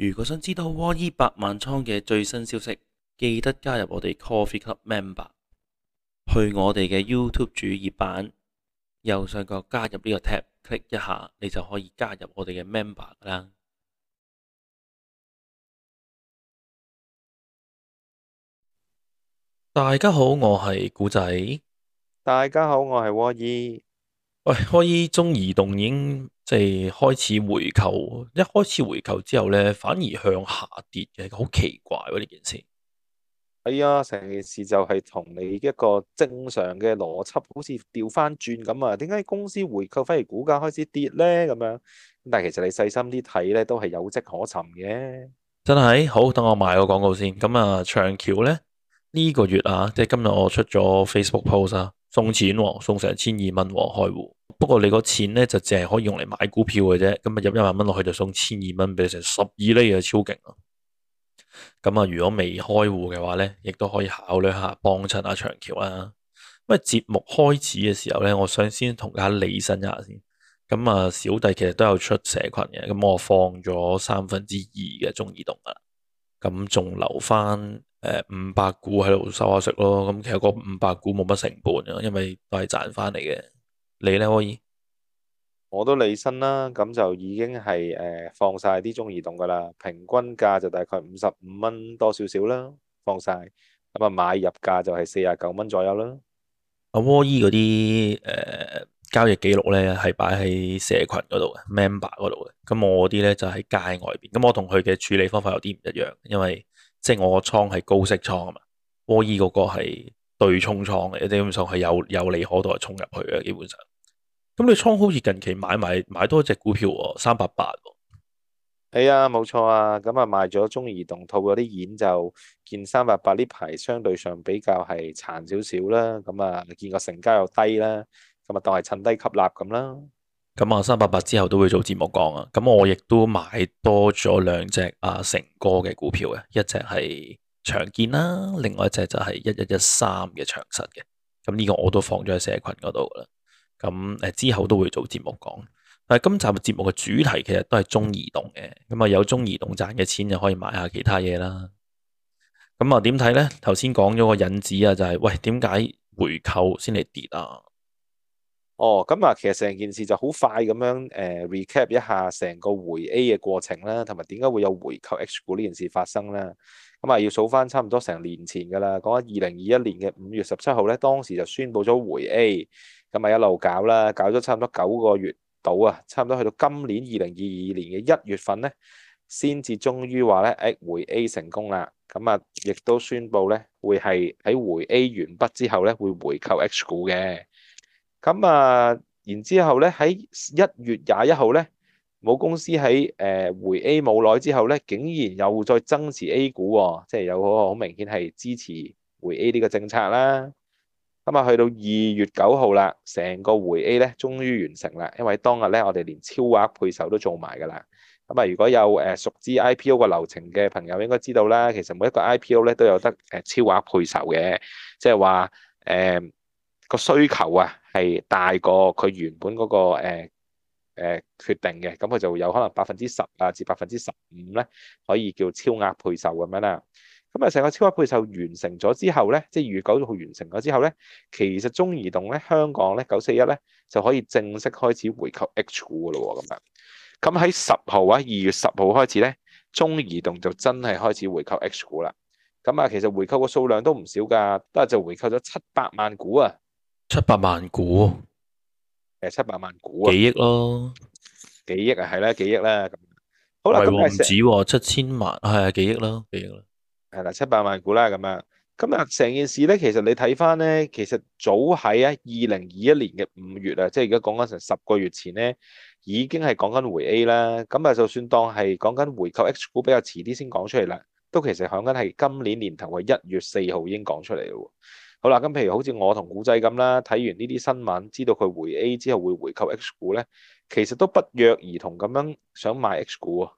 如果想知道窩依、e、百萬倉嘅最新消息，記得加入我哋 Coffee Club Member。去我哋嘅 YouTube 主頁版右上角加入呢個 tap，click 一下，你就可以加入我哋嘅 Member 啦。大家好，我係古仔。大家好，我係窩依。喂，可中移動已經即係開始回購，一開始回購之後咧，反而向下跌嘅，好奇怪喎、啊、呢件事。係啊、哎，成件事就係同你一個正常嘅邏輯，好似調翻轉咁啊？點解公司回購反而股價開始跌咧？咁樣，但係其實你細心啲睇咧，都係有跡可尋嘅。真係，好等我賣個廣告先。咁啊，長橋咧呢、呢個月啊，即係今日我出咗 Facebook post 啊，送錢喎，送成千二蚊喎開戶。不過你個錢咧就淨係可以用嚟買股票嘅啫，咁啊入一萬蚊落去就送千二蚊俾你，成十二厘啊，超勁啊！咁啊，如果未開戶嘅話咧，亦都可以考慮下幫襯下長橋啦。咁啊，節目開始嘅時候咧，我想先同下李生一下先。咁啊，小弟其實都有出社群嘅，咁我放咗三分之二嘅中移動啦，咁仲留翻誒五百股喺度收下息咯。咁其實個五百股冇乜成本啊，因為都係賺翻嚟嘅。你咧，波姨？我都離身啦，咁就已經係誒、呃、放晒啲中移動噶啦，平均價就大概五十五蚊多少少啦，放晒，咁啊買入價就係四十九蚊左右啦。阿波姨嗰啲誒交易記錄咧係擺喺社群嗰度嘅，member 嗰度嘅，咁我啲咧就喺、是、街外邊，咁我同佢嘅處理方法有啲唔一樣，因為即係、就是、我個倉係高息倉啊嘛，波姨嗰個係。對沖倉嘅，基本上係有有利可圖係沖入去嘅，基本上。咁你倉好似近期買買買多隻股票喎，三百八。係啊、哎，冇錯啊。咁、嗯、啊，賣咗中移動套嗰啲現就見三百八呢排相對上比較係殘少少啦。咁、嗯、啊，你見個成交又低啦，咁、嗯、啊，當係趁低吸納咁啦。咁啊、嗯，三百八之後都會做節目講啊。咁、嗯、我亦都買多咗兩隻阿、啊、成哥嘅股票嘅，一隻係。常見啦，另外一隻就係一一一三嘅長實嘅，咁呢個我都放咗喺社群嗰度啦。咁誒之後都會做節目講，但係今集節目嘅主題其實都係中移動嘅，咁啊有中移動賺嘅錢就可以買下其他嘢啦。咁啊點睇咧？頭先講咗個引子啊、就是，就係喂點解回購先嚟跌啊？哦，咁啊，其實成件事就好快咁樣，誒 recap 一下成個回 A 嘅過程啦，同埋點解會有回購 H 股呢件事發生啦？咁啊，要數翻差唔多成年前噶啦，講緊二零二一年嘅五月十七號咧，當時就宣布咗回 A，咁啊一路搞啦，搞咗差唔多九個月到啊，差唔多去到今年二零二二年嘅一月份咧，先至終於話咧，誒回 A 成功啦，咁啊亦都宣布咧，會係喺回 A 完畢之後咧，會回購 H 股嘅。咁啊，然之後呢呢、呃、之後咧，喺一月廿一號咧，冇公司喺誒回 A 冇耐之後咧，竟然又再增持 A 股喎、哦，即係有嗰個好明顯係支持回 A 呢個政策啦。咁、嗯、啊，去到二月九號啦，成個回 A 咧，終於完成啦，因為當日咧，我哋連超額配售都做埋噶啦。咁、嗯、啊，如果有誒、呃、熟知 IPO 個流程嘅朋友應該知道啦，其實每一個 IPO 咧都有得誒超額配售嘅，即係話誒。呃個需求啊，係大過佢原本嗰、那個誒誒、呃呃、決定嘅，咁佢就有可能百分之十啊至百分之十五咧，可以叫超額配售咁樣啦。咁啊，成個超額配售完成咗之後咧，即係二月九號完成咗之後咧，其實中移動咧香港咧九四一咧就可以正式開始回購 H 股噶咯咁樣。咁喺十號啊，二月十號開始咧，中移動就真係開始回購 H 股啦。咁啊，其實回購個數量都唔少㗎，都係就回購咗七百萬股啊！七百萬股，誒，七百萬股啊，幾億咯，幾億啊，係啦，幾億啦，好啦，唔止喎七千萬，係啊，幾億咯，幾億咯，係啦，七百萬股啦，咁樣，咁啊成件事咧，其實你睇翻咧，其實早喺啊二零二一年嘅五月啊，即係而家講緊成十個月前咧，已經係講緊回 A 啦，咁啊，就算當係講緊回購 H 股比較遲啲先講出嚟啦，都其實響緊係今年年頭嘅一月四號已經講出嚟啦。好啦，咁譬如好似我同古仔咁啦，睇完呢啲新聞，知道佢回 A 之後會回購 H 股咧，其實都不約而同咁樣想買 H 股啊。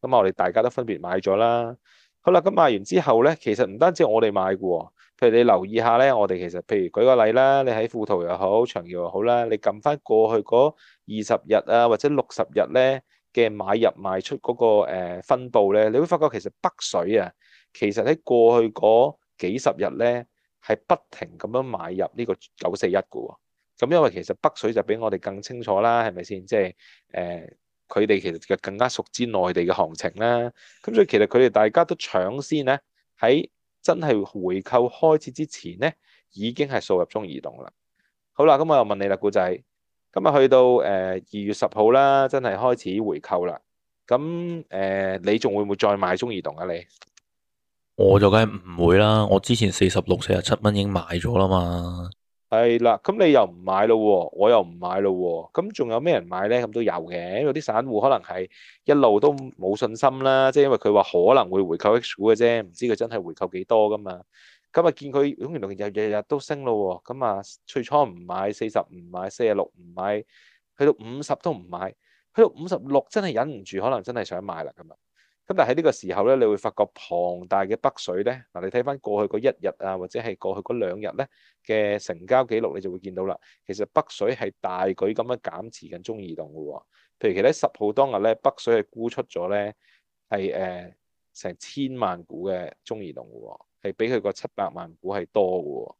咁我哋大家都分別買咗啦。好啦，咁買完之後咧，其實唔單止我哋買嘅喎，譬如你留意下咧，我哋其實譬如舉個例啦，你喺富途又好，長橋又好啦，你撳翻過去嗰二十日啊，或者六十日咧嘅買入賣出嗰個分佈咧，你會發覺其實北水啊，其實喺過去嗰幾十日咧，係不停咁樣買入呢個九四一嘅喎，咁因為其實北水就比我哋更清楚啦，係咪先？即係誒，佢、呃、哋其實就更加熟知內地嘅行情啦。咁所以其實佢哋大家都搶先咧，喺真係回購開始之前咧，已經係掃入中移動啦。好啦，咁我又問你啦，古仔，今日去到誒二、呃、月十號啦，真係開始回購啦。咁誒、呃，你仲會唔會再買中移動啊？你？我就梗係唔會啦，我之前四十六、四十七蚊已經買咗啦嘛。係啦，咁你又唔買咯，我又唔買咯，咁仲有咩人買咧？咁都有嘅，因為啲散戶可能係一路都冇信心啦，即係因為佢話可能會回購 X 股嘅啫，唔知佢真係回購幾多噶嘛。咁啊，見佢永元龍日日日都升咯，咁啊最初唔買，四十唔買，四十六唔買，去到五十都唔買，去到五十六真係忍唔住，可能真係想買啦咁啊。咁但係喺呢個時候咧，你會發覺龐大嘅北水咧，嗱你睇翻過去嗰一日啊，或者係過去嗰兩日咧嘅成交記錄，你就會見到啦。其實北水係大舉咁樣減持緊中移動嘅喎。譬如其實喺十號當日咧，北水係沽出咗咧，係、呃、誒成千萬股嘅中移動嘅喎，係比佢個七百萬股係多嘅喎，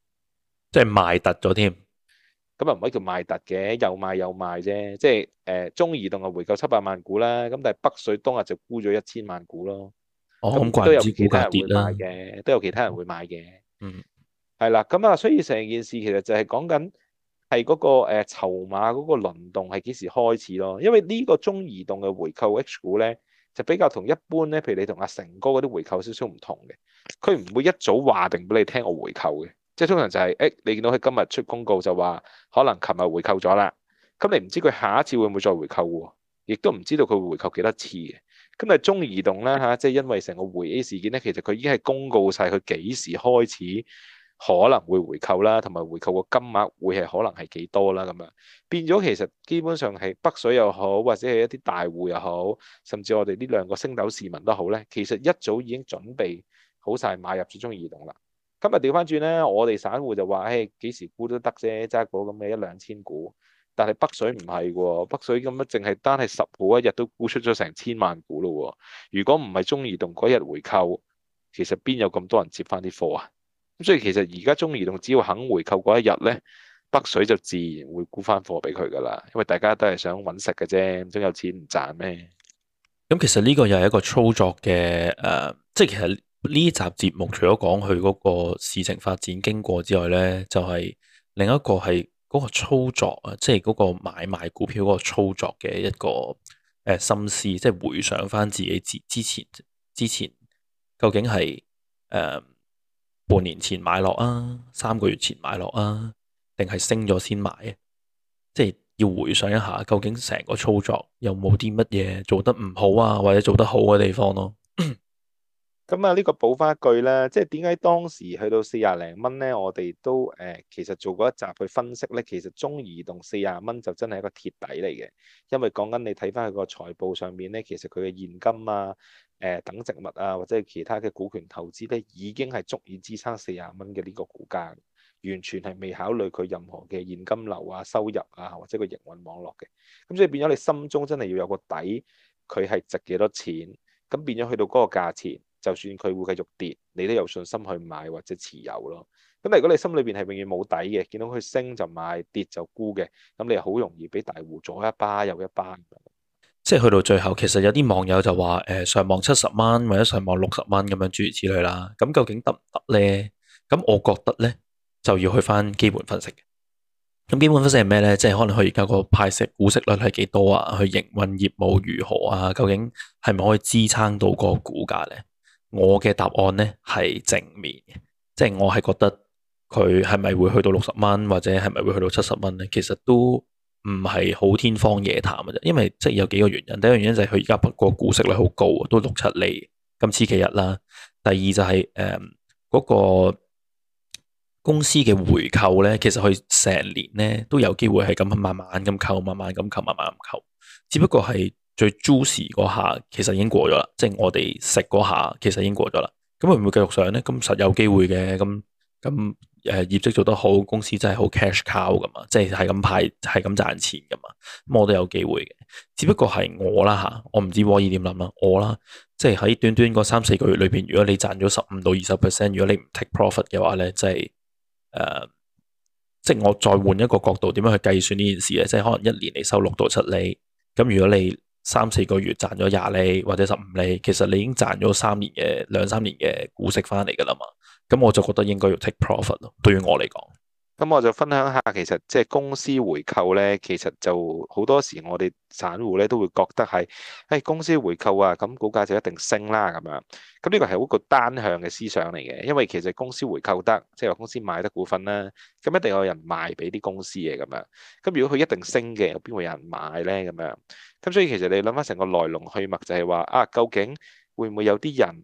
即係賣突咗添。咁又唔可以叫賣特嘅，又賣又買啫。即係誒、呃、中移動嘅回購七百萬股啦，咁但係北水當日就沽咗一千萬股咯。哦，都有，有其他人會買嘅，都有其他人會買嘅。嗯，係啦，咁啊，所以成件事其實就係講緊係嗰個誒、呃、籌碼嗰個輪動係幾時開始咯。因為呢個中移動嘅回購 H 股咧，就比較同一般咧，譬如你同阿成哥嗰啲回購少少唔同嘅，佢唔會一早話定俾你聽我回購嘅。即係通常就係，誒，你見到佢今日出公告就話，可能琴日回購咗啦。咁你唔知佢下一次會唔會再回購喎？亦都唔知道佢會回購幾多次嘅。咁啊，中移動咧嚇，即係因為成個回 A 事件咧，其實佢已經係公告晒，佢幾時開始可能會回購啦，同埋回購個金額會係可能係幾多啦咁樣。變咗其實基本上係北水又好，或者係一啲大戶又好，甚至我哋呢兩個星斗市民都好咧，其實一早已經準備好晒買入咗中移動啦。今日調翻轉咧，我哋散戶就話，嘿，幾時沽都得啫，揸嗰咁嘅一兩千股。但係北水唔係，北水咁樣淨係單係十號一日都沽出咗成千萬股咯。如果唔係中移動嗰日回購，其實邊有咁多人接翻啲貨啊？咁所以其實而家中移動只要肯回購嗰一日咧，北水就自然會沽翻貨俾佢噶啦。因為大家都係想搵食嘅啫，咁有錢唔賺咩？咁其實呢個又係一個操作嘅，誒、呃，即係其實。呢集節目除咗講佢嗰個事情發展經過之外呢就係、是、另一個係嗰個操作啊，即係嗰個買賣股票嗰個操作嘅一個誒、呃、心思，即、就、係、是、回想翻自，自己之之前之前究竟係誒、呃、半年前買落啊，三個月前買落啊，定係升咗先買，啊？即、就、係、是、要回想一下，究竟成個操作有冇啲乜嘢做得唔好啊，或者做得好嘅地方咯、啊？ 咁啊呢個補翻一句咧，即係點解當時去到四廿零蚊咧？我哋都誒、呃，其實做過一集去分析咧，其實中移動四廿蚊就真係一個鐵底嚟嘅，因為講緊你睇翻佢個財報上面咧，其實佢嘅現金啊、誒、呃、等值物啊，或者係其他嘅股權投資咧，已經係足以支撐四廿蚊嘅呢個股價，完全係未考慮佢任何嘅現金流啊、收入啊或者個營運網絡嘅。咁所以變咗你心中真係要有個底，佢係值幾多錢？咁變咗去到嗰個價錢，就算佢會繼續跌，你都有信心去買或者持有咯。咁如果你心裏邊係永遠冇底嘅，見到佢升就買，跌就沽嘅，咁你又好容易俾大戶左一巴右一巴。即係去到最後，其實有啲網友就話，誒、呃、上望七十蚊或者上望六十蚊咁樣諸如此類啦。咁究竟得唔得呢？咁我覺得呢，就要去翻基本分析。咁基本分析係咩呢？即係可能佢而家個派息股息率係幾多啊？佢營運業務如何啊？究竟係咪可以支撐到個股價呢？我嘅答案呢係正面，即係我係覺得佢係咪會去到六十蚊，或者係咪會去到七十蚊呢？其實都唔係好天方夜譚嘅啫，因為即係有幾個原因。第一個原因就係佢而家不過股息率好高，都六七厘，今次其一啦。第二就係誒嗰個公司嘅回購呢，其實佢成年呢都有機會係咁樣慢慢咁購，慢慢咁購，慢慢咁購，只不過係。最 j 租時嗰下，其實已經過咗啦，即、就、係、是、我哋食嗰下，其實已經過咗啦。咁會唔會繼續上咧？咁實有機會嘅。咁咁誒，業績做得好，公司真係好 cash cow 噶嘛，即係係咁派，係咁賺錢噶嘛。咁我都有機會嘅，只不過係我啦吓，我唔知可以點諗啦。我啦，即係喺短短嗰三四個月裏邊，如果你賺咗十五到二十 percent，如果你唔 take profit 嘅話咧，即係誒，即、呃、係、就是、我再換一個角度，點樣去計算呢件事咧？即、就、係、是、可能一年你收六到七厘，咁如果你三四個月賺咗廿厘或者十五厘，其實你已經賺咗三年嘅兩三年嘅股息翻嚟㗎啦嘛，咁我就覺得應該要 take profit 咯。對於我嚟講。咁我就分享下，其實即係公司回購咧，其實就好多時我哋散戶咧都會覺得係，誒、哎、公司回購啊，咁股價就一定升啦咁樣。咁呢個係一個單向嘅思想嚟嘅，因為其實公司回購得，即係話公司買得股份啦，咁一定有人賣俾啲公司嘅咁樣。咁如果佢一定升嘅，有邊會有人買咧咁樣？咁所以其實你諗翻成個來龍去脈就，就係話啊，究竟會唔會有啲人？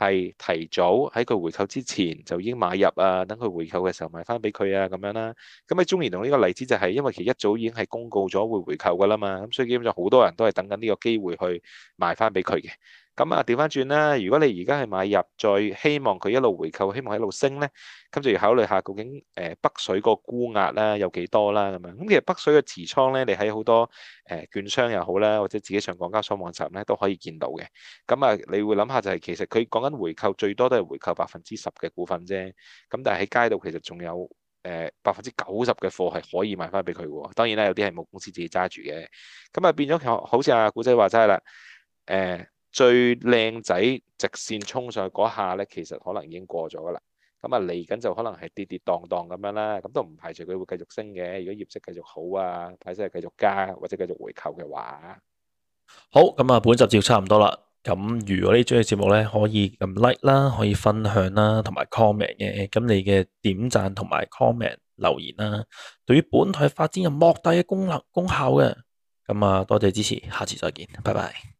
係提早喺佢回購之前就已經買入啊，等佢回購嘅時候賣翻俾佢啊，咁樣啦。咁喺中移動呢個例子就係因為其實一早已經係公告咗會回購噶啦嘛，咁所以基本上好多人都係等緊呢個機會去賣翻俾佢嘅。咁啊，調翻轉啦！如果你而家係買入，再希望佢一路回購，希望喺度升咧，咁就要考慮下究竟誒、呃、北水個估壓啦有幾多啦咁樣。咁其實北水嘅持倉咧，你喺好多誒、呃、券商又好啦，或者自己上港交所網站咧都可以見到嘅。咁啊，你會諗下就係、是、其實佢講緊回購最多都係回購百分之十嘅股份啫。咁但係喺街度其實仲有誒百分之九十嘅貨係可以賣翻俾佢嘅。當然啦，有啲係冇公司自己揸住嘅。咁啊，變咗好似阿古仔話齋啦，誒、呃。呃最靚仔直線衝上去嗰下咧，其實可能已經過咗噶啦。咁啊，嚟緊就可能係跌跌蕩蕩咁樣啦。咁都唔排除佢會繼續升嘅。如果業績繼續好啊，派息又繼續加或者繼續回購嘅話，好，咁啊，本集就差唔多啦。咁如果鍾意呢個節目咧，可以撳 like 啦，可以分享啦，同埋 comment 嘅。咁你嘅點讚同埋 comment 留言啦，對於本台發展有莫大嘅功能功效嘅。咁啊，多謝支持，下次再見，拜拜。